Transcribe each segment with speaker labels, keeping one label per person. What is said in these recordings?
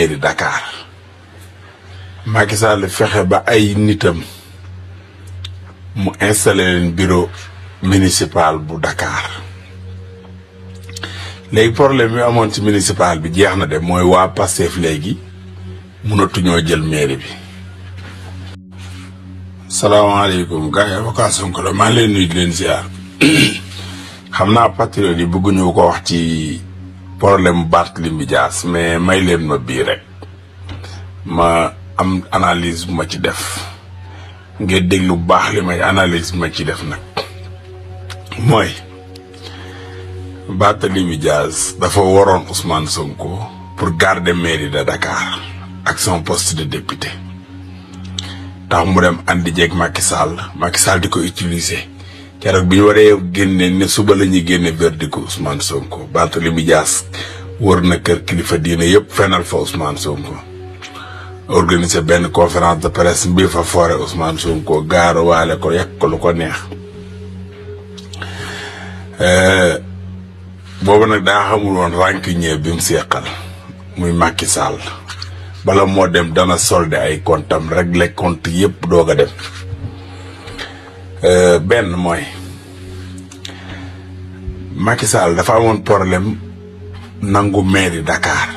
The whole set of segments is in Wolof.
Speaker 1: mairie Dakar fexe ba ay nitam mu installé leen bureau municipal bu Dakar léegi problème bi amoon ci municipal bi jeex na de mooy waa Pastef léegi mënatuñoo jël mairie bi. salaamaaleykum gars yi avocat Sonko maa ngi leen nuyu di si ziar xam naa patriote yi bëgguñu ko wax ci. problème Barthélémy Dias mais may leen ma bii rek ma am analyse bu ma ci def ngeen déglu bu baax li may analyse bu ma ci def nag mooy Barthélémy Dias dafa waroon Ousmane Sonko pour garde mairie de Dakar ak son post de député tax mu dem andi jeeg Macky Sall Macky Sall di ko utiliser. keroog bi ñu waree génne ne suba la ñuy génne verdict Ousmane Sonko Barthélémy Dias wër na kër kilifa diine yëpp fenal fa Ousmane Sonko. organiser benn conférence de presse mbi fa foore Ousmane Sonko gaaru waale ko yàq ko lu ko neex euh, boobu nag daa xamul woon rancunier bi mu seqal muy Macky Sall bala moo dem dana solde ay comptam régler compte yëpp doog a dem. Euh, benn mooy Macky dafa amoon problème nangu mairie Dakar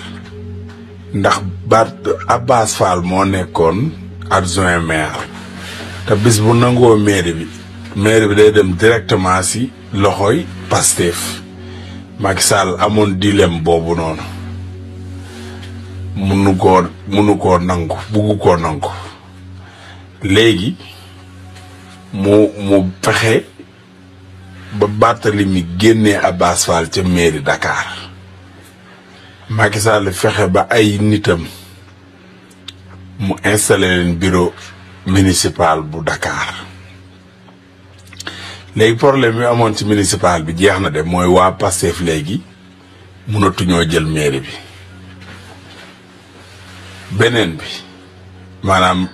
Speaker 1: ndax ba Abbas Fall moo nekkoon adjoint maire te bis bu nangoo mairie bi mairie bi day dem directement si loxoy Pastef Macky Sall amoon dilemme boobu noonu munu koo munu koo nangu buggu koo nangu léegi mu mu fexe ba Barthélemy génne Abass Fall ca mairie Dakar Macky Sall fexe ba ay nitam mu installé leen bureau municipal bu Dakar léegi problème bi amoon ci municipal bi jeex na de mooy waa Pastef léegi mënatuñoo jël mairie bi beneen bi maanaam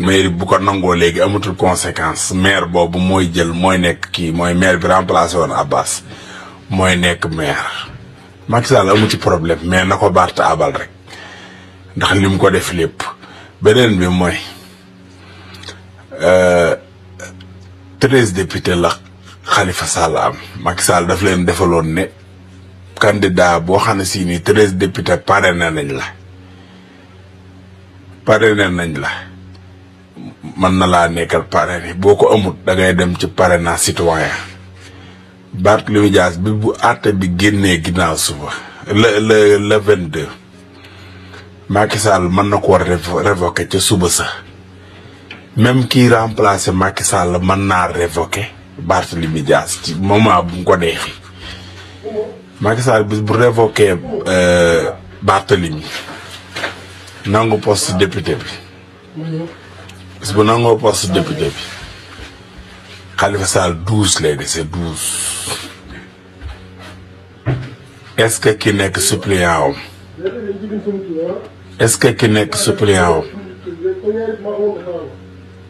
Speaker 1: maire bu ko nangoo léegi amatul conséquence maire boobu mooy jël mooy nekk kii mooy maire bi remplacé woon Abbas mooy nekk maire Macky Sall ci problème mais na ko Barth abal rek ndax li ko def lépp beneen bi mooy euh, treize député la xalifa Sall am Macky daf leen defaloon ne candidat boo xam ne si ni treize député parrainé nañ la parrainé nañ la man na laa nekkal parrain yi boo ko amut da ngay dem ci pare parrainage citoyen Barthélémy Dias bi bu àtte bi génnee ginnaaw suba le le le vingt deux Macky Sall mën na ko révoquer ca suba sax même kii remplacer Macky man mën naa révoquer Barthélémy Dias ci moment bu mu ko deexi bis bu révoquer euh, Barthélémy nangu poste député bi bis bu nangoo poste député bi Khalifa Sall douze lay dese douze est-ce que ki nekk suppléant am est-ce que ki nekk suppléant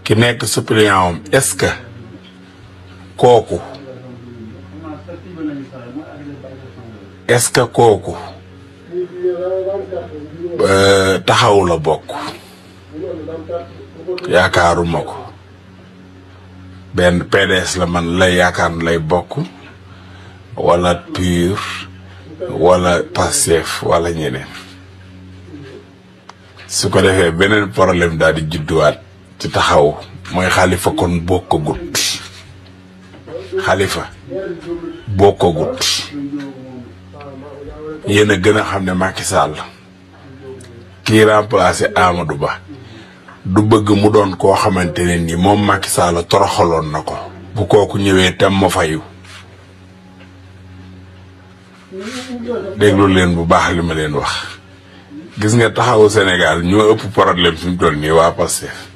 Speaker 1: ki nekk suppléant est-ce que kooku est-ce que kooku euh, taxaw la bokk. yaakaaruma ko benn PDS la man lay yaakaar lay bokk wala PUR wala Pastef wala ñeneen su ko defee beneen problème daal di judduwaat ci taxaw mooy xalifa kon bokkagut xalifa bokkagut yéen a gën a xam ne Macky Sall kii remplacé Amadou Ba du bëgg mu doon koo xamante ne nii moom Macky Sall toroxaloon na ko bu kooku ñëwee tam ma fayu déglu leen bu baax li ma leen wax gis nga taxawu senegal ñoo ëpp problème fi mu nii waa Pastef